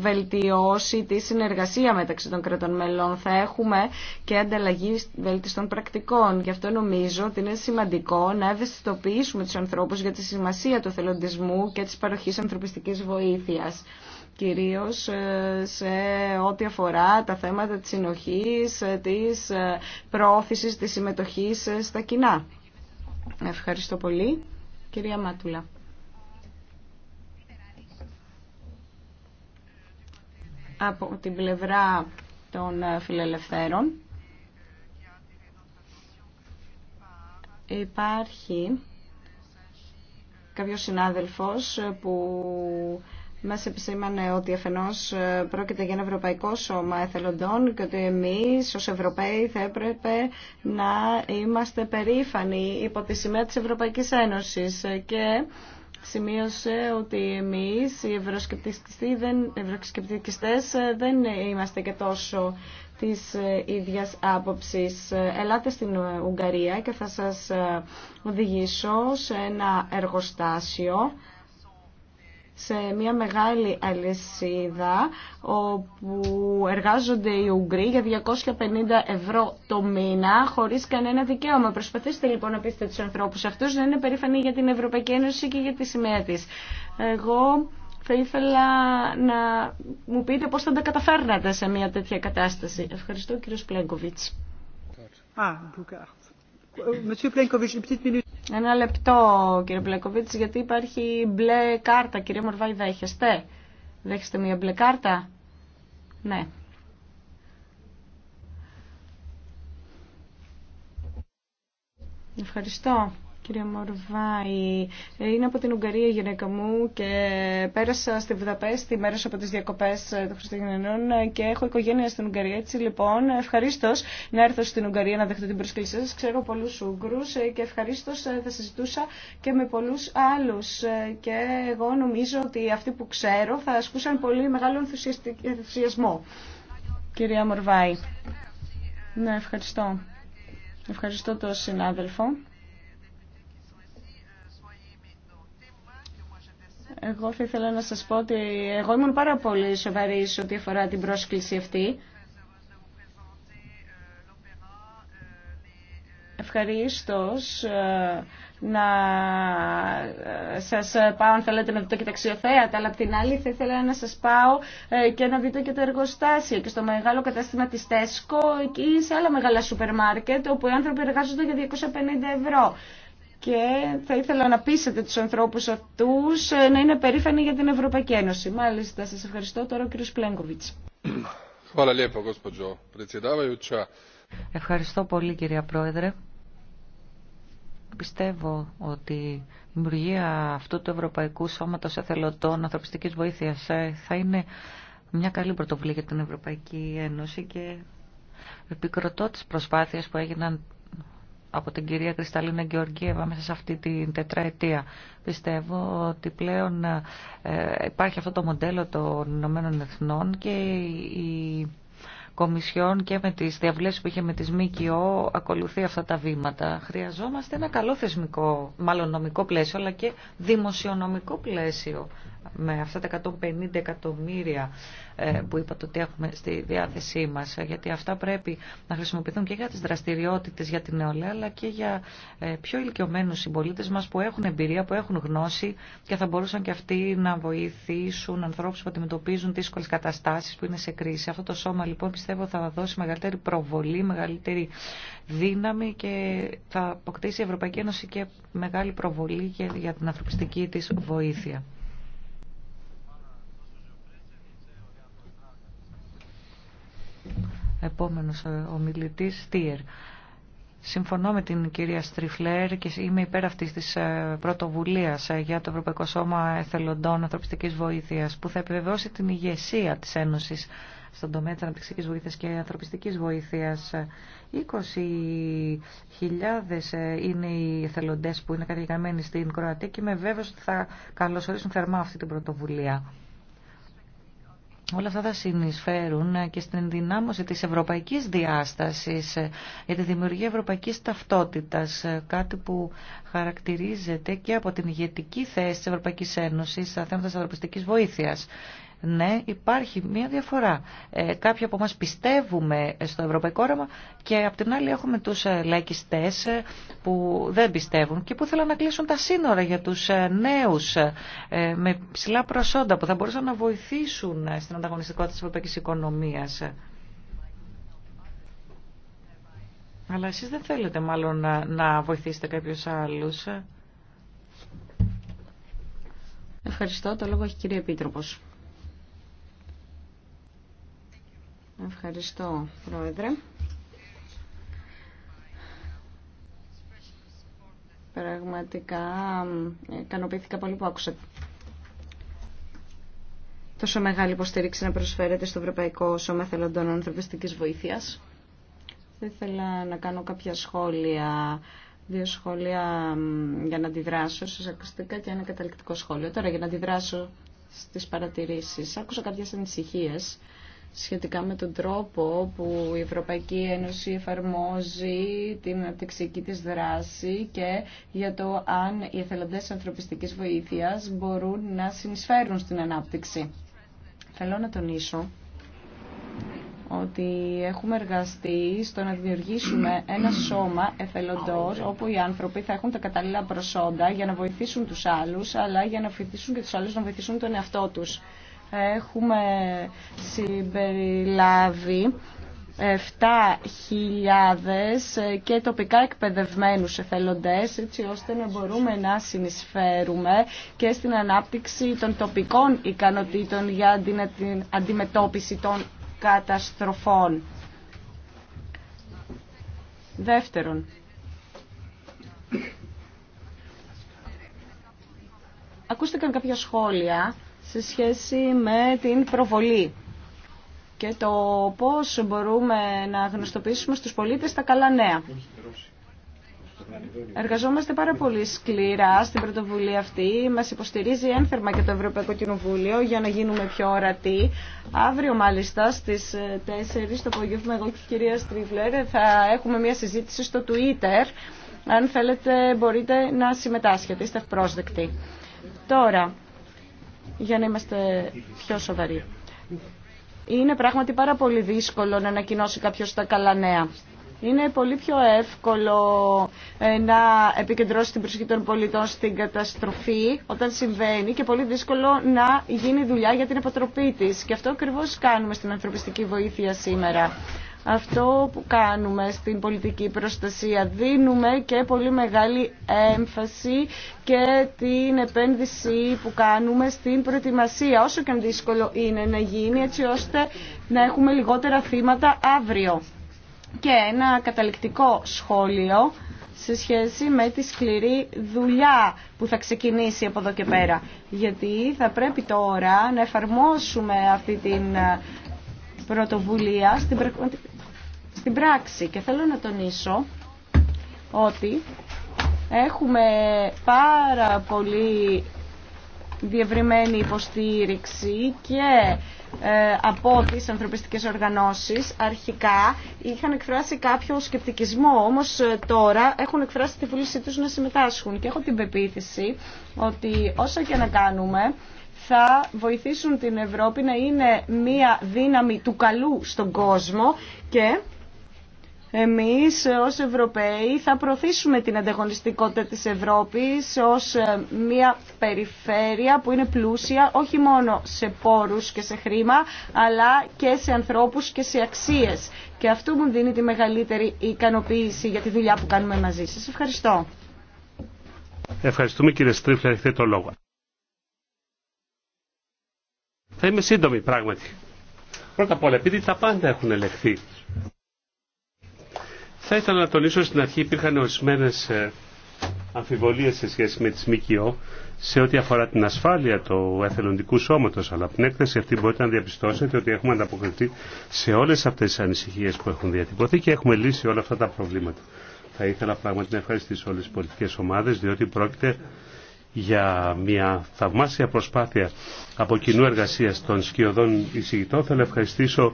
βελτιώσει τη συνεργασία μεταξύ των κρατών μελών. Θα έχουμε και ανταλλαγή βελτιστών πρακτικών. Γι' αυτό νομίζω ότι είναι σημαντικό να ευαισθητοποιήσουμε τους ανθρώπους για τη σημασία του θελοντισμού και της παροχής ανθρωπιστικής βοήθειας κυρίως ε, σε ό,τι αφορά τα θέματα της συνοχής, ε, της ε, προώθησης, της συμμετοχής στα κοινά. Ευχαριστώ πολύ. Κυρία Μάτουλα. Από την πλευρά των φιλελευθέρων υπάρχει κάποιος συνάδελφος που Μα επισήμανε ότι αφενό ε, πρόκειται για ένα ευρωπαϊκό σώμα εθελοντών και ότι εμεί, ως Ευρωπαίοι θα έπρεπε να είμαστε περήφανοι υπό τη σημαία της Ευρωπαϊκής Ένωσης ε, και σημείωσε ότι εμεί, οι ευρωσκεπτικιστέ ε, δεν είμαστε και τόσο της ίδια άποψη. Ελάτε στην Ουγγαρία και θα σα οδηγήσω σε ένα εργοστάσιο σε μια μεγάλη αλυσίδα όπου εργάζονται οι Ουγγροί για 250 ευρώ το μήνα χωρίς κανένα δικαίωμα. Προσπαθήστε λοιπόν να πείστε τους ανθρώπους αυτούς να είναι περήφανοι για την Ευρωπαϊκή Ένωση και για τη σημαία της. Εγώ θα ήθελα να μου πείτε πώς θα τα καταφέρνατε σε μια τέτοια κατάσταση. Ευχαριστώ κύριο Πλέγκοβιτς. Ένα λεπτό κύριε Μπλεκοβίτ, γιατί υπάρχει μπλε κάρτα. Κύριε Μορβάη δέχεστε. Δέχεστε μια μπλε κάρτα. Ναι. Ευχαριστώ. Κυρία Μορβάη, είναι από την Ουγγαρία η γυναίκα μου και πέρασα στη Βουδαπέστη μέρο από τι διακοπέ των Χριστουγεννιών και έχω οικογένεια στην Ουγγαρία. Έτσι λοιπόν, ευχαρίστω να έρθω στην Ουγγαρία να δεχτώ την προσκλησία σα. Ξέρω πολλού Ούγγρου και ευχαρίστω ε, θα συζητούσα και με πολλού άλλου. Ε, και εγώ νομίζω ότι αυτοί που ξέρω θα ασκούσαν πολύ μεγάλο ενθουσιασμό. Κυρία Μορβάη. Ναι, ευχαριστώ. Ευχαριστώ τον συνάδελφο. Εγώ θα ήθελα να σας πω ότι εγώ ήμουν πάρα πολύ σοβαρή σε ό,τι αφορά την πρόσκληση αυτή. Ευχαριστώ ε, να ε, σας πάω αν θέλετε να δείτε και τα αξιοθέατα, αλλά απ' την άλλη θα ήθελα να σας πάω ε, και να δείτε και τα εργοστάσια και στο μεγάλο κατάστημα της Τέσκο ή σε άλλα μεγάλα σούπερ μάρκετ όπου οι άνθρωποι εργάζονται για 250 ευρώ και θα ήθελα να πείσετε τους ανθρώπους αυτούς ε, να είναι περήφανοι για την Ευρωπαϊκή Ένωση. Μάλιστα, σας ευχαριστώ τώρα ο κύριος Πλέγκοβιτς. Ευχαριστώ πολύ κυρία Πρόεδρε. Πιστεύω ότι η δημιουργία αυτού του Ευρωπαϊκού Σώματος Εθελοντών Ανθρωπιστικής Βοήθειας ε, θα είναι μια καλή πρωτοβουλία για την Ευρωπαϊκή Ένωση και επικροτώ τις προσπάθειες που έγιναν από την κυρία Κρυσταλίνα Γεωργίευα μέσα σε αυτή την τετραετία. Πιστεύω ότι πλέον ε, υπάρχει αυτό το μοντέλο των Ηνωμένων Εθνών και η Κομισιόν και με τις διαβλέψεις που είχε με τις ΜΚΟ ακολουθεί αυτά τα βήματα. Χρειαζόμαστε ένα καλό θεσμικό, μάλλον νομικό πλαίσιο, αλλά και δημοσιονομικό πλαίσιο με αυτά τα 150 εκατομμύρια ε, που είπατε ότι έχουμε στη διάθεσή μας, ε, γιατί αυτά πρέπει να χρησιμοποιηθούν και για τις δραστηριότητες για την νεολαία, αλλά και για ε, πιο ηλικιωμένους συμπολίτες μας που έχουν εμπειρία, που έχουν γνώση και θα μπορούσαν και αυτοί να βοηθήσουν ανθρώπους που αντιμετωπίζουν δύσκολε καταστάσεις που είναι σε κρίση. Αυτό το σώμα λοιπόν πιστεύω θα δώσει μεγαλύτερη προβολή, μεγαλύτερη δύναμη και θα αποκτήσει η Ευρωπαϊκή Ένωση και μεγάλη προβολή για την ανθρωπιστική της βοήθεια. Επόμενος ε, ομιλητής, Στίερ. Συμφωνώ με την κυρία Στριφλέρ και είμαι υπέρ αυτή τη ε, πρωτοβουλία ε, για το Ευρωπαϊκό Σώμα Εθελοντών Ανθρωπιστική Βοήθεια, που θα επιβεβαιώσει την ηγεσία τη Ένωση στον τομέα τη αναπτυξιακή βοήθεια και ανθρωπιστική βοήθεια. 20.000 είναι οι εθελοντέ που είναι καταγεγραμμένοι στην Κροατία και είμαι βέβαιο ότι θα καλωσορίσουν θερμά αυτή την πρωτοβουλία. Όλα αυτά θα συνεισφέρουν και στην ενδυνάμωση της ευρωπαϊκής διάστασης για τη δημιουργία ευρωπαϊκής ταυτότητας, κάτι που χαρακτηρίζεται και από την ηγετική θέση της Ευρωπαϊκής Ένωσης στα θέματα της ανθρωπιστικής βοήθειας. Ναι, υπάρχει μια διαφορά. Ε, κάποιοι από εμά πιστεύουμε στο ευρωπαϊκό όραμα και απ' την άλλη έχουμε τους ε, λαϊκιστές ε, που δεν πιστεύουν και που θέλουν να κλείσουν τα σύνορα για τους ε, νέους με ψηλά προσόντα που θα μπορούσαν να βοηθήσουν στην ανταγωνιστικότητα της ευρωπαϊκής οικονομίας. Αλλά εσείς δεν θέλετε μάλλον να, να βοηθήσετε κάποιους άλλους. Ευχαριστώ. Το λόγο έχει η κυρία Επίτροπος. Ευχαριστώ, Πρόεδρε. Πραγματικά ικανοποιήθηκα πολύ που άκουσα τόσο μεγάλη υποστήριξη να προσφέρεται στο Ευρωπαϊκό Σώμα Θελοντών Ανθρωπιστικής Βοήθειας. Θα ήθελα να κάνω κάποια σχόλια, δύο σχόλια για να αντιδράσω στις ακουστικά και ένα καταληκτικό σχόλιο. Τώρα για να αντιδράσω στις παρατηρήσεις. Άκουσα κάποιες ανησυχίες σχετικά με τον τρόπο που η Ευρωπαϊκή Ένωση εφαρμόζει την ανάπτυξική της δράση και για το αν οι εθελοντές ανθρωπιστικής βοήθειας μπορούν να συνεισφέρουν στην ανάπτυξη. Θέλω να τονίσω ότι έχουμε εργαστεί στο να δημιουργήσουμε ένα σώμα εθελοντός όπου οι άνθρωποι θα έχουν τα κατάλληλα προσόντα για να βοηθήσουν τους άλλους αλλά για να βοηθήσουν και τους άλλους να βοηθήσουν τον εαυτό τους έχουμε συμπεριλάβει 7.000 και τοπικά εκπαιδευμένους εθελοντές έτσι ώστε να μπορούμε να συνεισφέρουμε και στην ανάπτυξη των τοπικών ικανοτήτων για την αντιμετώπιση των καταστροφών. Δεύτερον, ακούστηκαν κάποια σχόλια σε σχέση με την προβολή και το πώς μπορούμε να γνωστοποιήσουμε στους πολίτες τα καλά νέα. Εργαζόμαστε πάρα πολύ σκληρά στην πρωτοβουλία αυτή. Μας υποστηρίζει ένθερμα και το Ευρωπαϊκό Κοινοβούλιο για να γίνουμε πιο ορατοί. Αύριο μάλιστα στις 4 ε, το απόγευμα εγώ και η κυρία Στρίβλερ ε, θα έχουμε μια συζήτηση στο Twitter. Αν θέλετε μπορείτε να συμμετάσχετε, είστε ευπρόσδεκτοι. Τώρα, για να είμαστε πιο σοβαροί. Είναι πράγματι πάρα πολύ δύσκολο να ανακοινώσει κάποιο τα καλά νέα. Είναι πολύ πιο εύκολο ε, να επικεντρώσει την προσοχή των πολιτών στην καταστροφή όταν συμβαίνει και πολύ δύσκολο να γίνει δουλειά για την αποτροπή της. Και αυτό ακριβώ κάνουμε στην ανθρωπιστική βοήθεια σήμερα αυτό που κάνουμε στην πολιτική προστασία. Δίνουμε και πολύ μεγάλη έμφαση και την επένδυση που κάνουμε στην προετοιμασία, όσο και αν δύσκολο είναι να γίνει, έτσι ώστε να έχουμε λιγότερα θύματα αύριο. Και ένα καταληκτικό σχόλιο σε σχέση με τη σκληρή δουλειά που θα ξεκινήσει από εδώ και πέρα. Γιατί θα πρέπει τώρα να εφαρμόσουμε αυτή την ε, πρωτοβουλία στην στην πράξη. Και θέλω να τονίσω ότι έχουμε πάρα πολύ διευρυμένη υποστήριξη και ε, από τις ανθρωπιστικές οργανώσεις αρχικά είχαν εκφράσει κάποιο σκεπτικισμό όμως ε, τώρα έχουν εκφράσει τη βούλησή τους να συμμετάσχουν και έχω την πεποίθηση ότι όσα και να κάνουμε θα βοηθήσουν την Ευρώπη να είναι μία δύναμη του καλού στον κόσμο και εμείς ως Ευρωπαίοι θα προωθήσουμε την ανταγωνιστικότητα της Ευρώπης ως ε, μια περιφέρεια που είναι πλούσια όχι μόνο σε πόρους και σε χρήμα αλλά και σε ανθρώπους και σε αξίες. Και αυτό μου δίνει τη μεγαλύτερη ικανοποίηση για τη δουλειά που κάνουμε μαζί σας. Ευχαριστώ. Ευχαριστούμε κύριε στρίφλερ έχετε το λόγο. Θα είμαι σύντομη πράγματι. Πρώτα απ' όλα, επειδή τα πάντα έχουν ελεγχθεί θα ήθελα να τονίσω στην αρχή υπήρχαν ορισμένε ε, αμφιβολίες σε σχέση με τις ΜΚΟ σε ό,τι αφορά την ασφάλεια του εθελοντικού σώματος, αλλά από την έκθεση αυτή μπορείτε να διαπιστώσετε ότι έχουμε ανταποκριθεί σε όλες αυτές τις ανησυχίες που έχουν διατυπωθεί και έχουμε λύσει όλα αυτά τα προβλήματα. Θα ήθελα πράγματι να ευχαριστήσω όλες τις πολιτικές ομάδες, διότι πρόκειται για μια θαυμάσια προσπάθεια από κοινού εργασίας των σκιωδών εισηγητών. Θέλω να ευχαριστήσω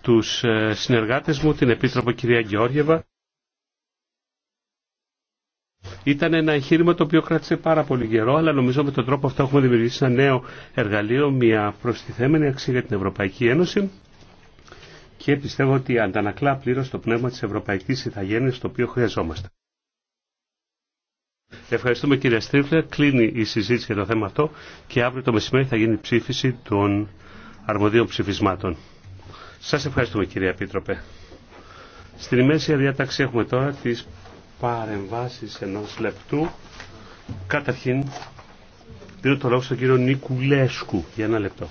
τους ε, συνεργάτες μου, την Επίτροπο κυρία Γεώργιεβα, ήταν ένα εγχείρημα το οποίο κράτησε πάρα πολύ καιρό, αλλά νομίζω με τον τρόπο αυτό έχουμε δημιουργήσει ένα νέο εργαλείο, μια προστιθέμενη αξία για την Ευρωπαϊκή Ένωση και πιστεύω ότι αντανακλά πλήρω το πνεύμα τη Ευρωπαϊκής Ιθαγένεια το οποίο χρειαζόμαστε. Ευχαριστούμε κύριε Στρίφλερ. Κλείνει η συζήτηση για το θέμα αυτό και αύριο το μεσημέρι θα γίνει η ψήφιση των αρμοδίων ψηφισμάτων. Σας ευχαριστούμε κύριε Επίτροπε. Στην ημέρα διάταξη έχουμε τώρα τις παρεμβάσεις ενός λεπτού. Καταρχήν, δίνω το λόγο στον κύριο Νικουλέσκου για ένα λεπτό.